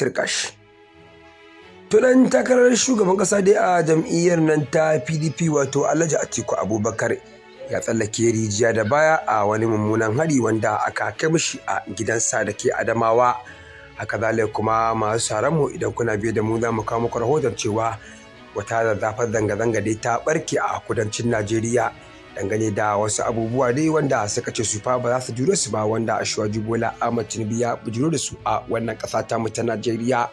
turka ɗan tunan takarar shugaban ƙasa dai a jam'iyyar nan ta pdp wato alhaji atiku abubakar ya tsallake rijiya da baya a wani mummunan hari wanda aka kai mishi a gidansa da ke adamawa haka zalai kuma masu mu idan kuna biye da mu za mu kawo muku rahoton cewa wata zazzafar zanga-zanga dai ta ɓarke a kudancin najeriya dangane da wasu abubuwa dai wanda suka ce su fa ba za su jure su ba wanda a bola ahmad tinubu ya bujuro da su a wannan ƙasa ta mu ta najeriya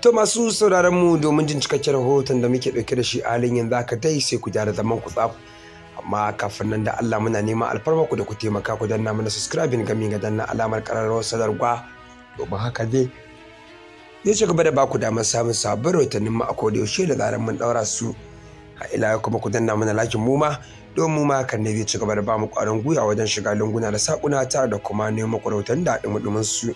to masu sauraron mu domin jin cikakken rahoton da muke ɗauke da shi a halin yanzu haka dai sai ku gyara zaman ku tsaf amma kafin nan da Allah muna neman alfarma ku da ku taimaka ku danna mana subscribing gami ga danna alamar ƙararrawar sadarwa domin haka dai zai ci gaba da ba ku damar samun sabbin rahotannin mu a da zaran mun ɗaura su. a ila kuma ku danna mana lakin muma don muma kan ne zai ci gaba da bamu kwarin gwiwa wajen shiga lunguna da sakuna ta da kuma neman kwarautan da ɗumuɗumin su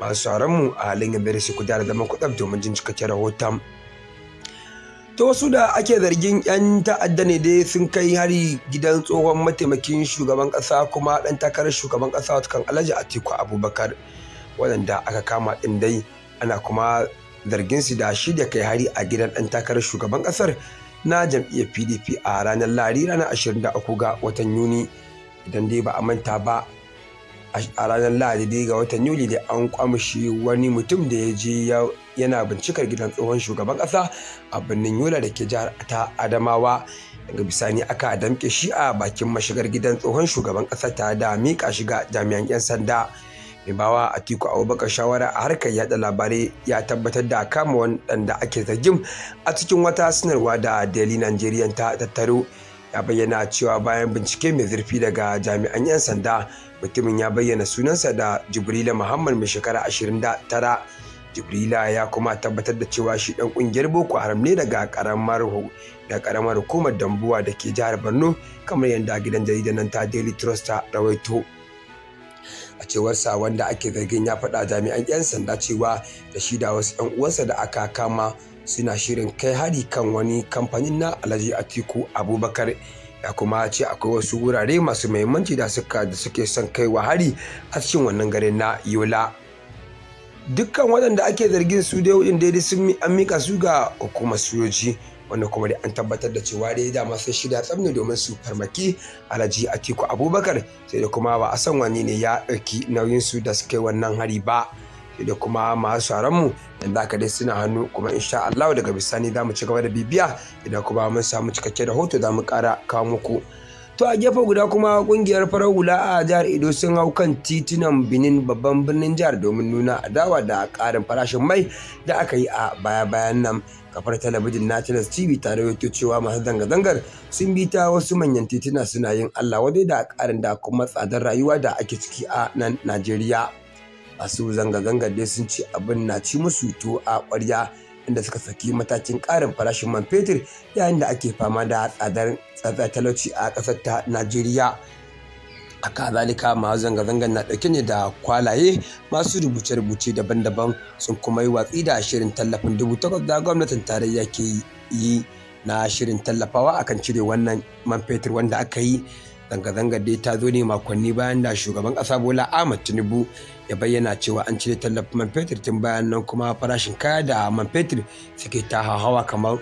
masu sauran mu a halin yanzu su ku da zaman kuɗaf domin jin cikakken rahoton. ta wasu da ake zargin 'yan ta'adda ne dai sun kai hari gidan tsohon mataimakin shugaban kasa kuma ɗan takarar shugaban ƙasa kan alhaji atiku abubakar waɗanda aka kama ɗin dai ana kuma zargin su da shi da kai hari a gidan ɗan takarar shugaban ƙasar na jam'iyyar pdp a ranar lari ranar 23 ga watan yuni idan dai ba a manta ba a ranar lahadi dai ga watan yuli da an kwamshi wani mutum da ya je yana bincikar gidan tsohon shugaban kasa a birnin yola da ke jihar ta adamawa daga bisani aka damke shi a bakin mashigar gidan tsohon shugaban kasa ta da mika shiga jami'an 'yan sanda mai bawa atiku abubakar shawara a harkar yada labarai ya tabbatar da kama waɗanda ake zargin a cikin wata sanarwa da daily nigerian ta tattaro ya bayyana cewa bayan bincike mai zurfi daga jami'an 'yan sanda mutumin ya bayyana sunansa da jibrila muhammad mai shekara 29 jibrila ya kuma tabbatar da cewa shi dan kungiyar boko haram ne daga karamar da karamar hukumar dambuwa da ke jihar borno kamar yadda gidan jaridar nan ta daily trust ta rawaito a cewarsa wanda ake zargin ya faɗa jami'an 'yan sanda cewa da shi da wasu 'yan uwansa da aka kama suna shirin kai hari kan wani kamfanin na alhaji atiku abubakar ya kuma ce akwai wasu wurare masu muhimmanci da suka da suke son kai wa hari a cikin wannan garin na yola dukkan waɗanda ake zargin su da wajen daidai sun mika su ga hukumar sojoji wanda kuma dai an tabbatar da cewa dai dama sai shirya tsabni domin su farmaki alhaji atiku abubakar sai da kuma ba a san wani ne ya ɗauki nauyin su da suka wannan hari ba sai da kuma masu mu da aka dai suna hannu kuma insha Allah daga bisani za mu ci gaba da bibiya idan kuma mun samu cikakke rahoto za mu ƙara kawo muku to a gefe guda kuma kungiyar farar hula a jihar edo sun hau kan titunan binin babban birnin jihar domin nuna adawa da karin farashin mai da aka yi a baya-bayan nan kafar talabijin na tv ta rawaito cewa masu zanga-zangar sun bi ta wasu manyan tituna suna yin allah wadai da karin da kuma tsadar rayuwa da ake ciki a nan najeriya masu zanga-zangar dai sun ci abin na ci musu to a ƙwarya inda suka saki matakin karin farashin man fetur yayin da ake fama da tsadar tsadar talauci a ƙasar ta najeriya a kazalika masu zanga-zangar na ɗauke ne da kwalaye masu rubuce-rubuce daban-daban sun kuma yi watsi da shirin tallafin dubu takwas da gwamnatin tarayya ke yi na shirin tallafawa akan cire wannan man fetur wanda aka yi zanga-zangar dai ta zo ne makonni bayan da shugaban ƙasa bola ahmad tinubu ya bayyana cewa an cire tallafin man fetur tun bayan nan kuma farashin kaya da man fetur suke ta hawa kamar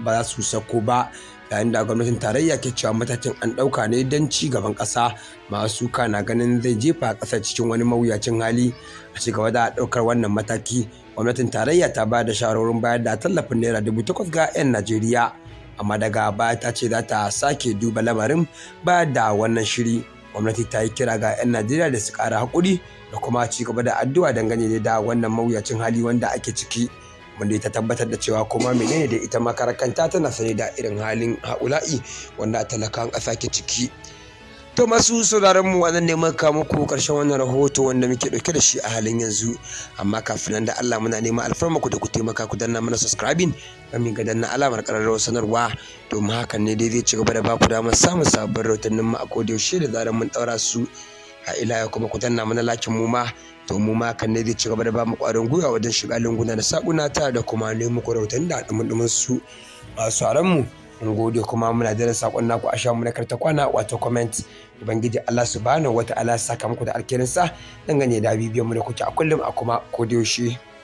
ba za su sako ba yayin da gwamnatin tarayya ke cewa matakin an ɗauka ne don ci gaban ƙasa masu na ganin zai jefa ƙasar cikin wani mawuyacin hali a ci gaba da ɗaukar wannan mataki gwamnatin tarayya ta bayar da shawarwarin bayar da tallafin naira dubu takwas ga 'yan najeriya amma daga baya ta ce za ta sake duba lamarin ba da wannan shiri gwamnati ta yi kira ga 'yan najeriya da su kara hakuri da kuma ci gaba da addu'a dangane da wannan mawuyacin hali wanda ake ciki wanda ta tabbatar da cewa kuma menene da ita makarakanta tana sane da irin halin haula'i wanda talakan ƙasa ke ciki To masu sauraron mu anan ne muka muku karshen wannan rahoto wanda muke dauke da shi a halin yanzu amma kafin nan da Allah muna neman alfarma ku da ku taimaka ku danna mana subscribing kamin ga danna alamar kararrawar sanarwa domin hakan ne dai zai ci gaba da ba ku damar samun sabbin rahotannin mu a yaushe da zarar mun daura su a ila kuma ku danna mana lakin mu ma to mu ma kan ne zai ci gaba da ba mu kwarin gwiwa wajen shiga lunguna da sakuna ta da kuma neman ku rahotanni da dumin su masu mu mun gode kuma muna da sakon naku a shamu na karta kwana wato comment ubangiji Allah subhanahu wataala saka muku da alkhairi sa dangane da bibiyan mu da kuke a kullum a kuma yaushe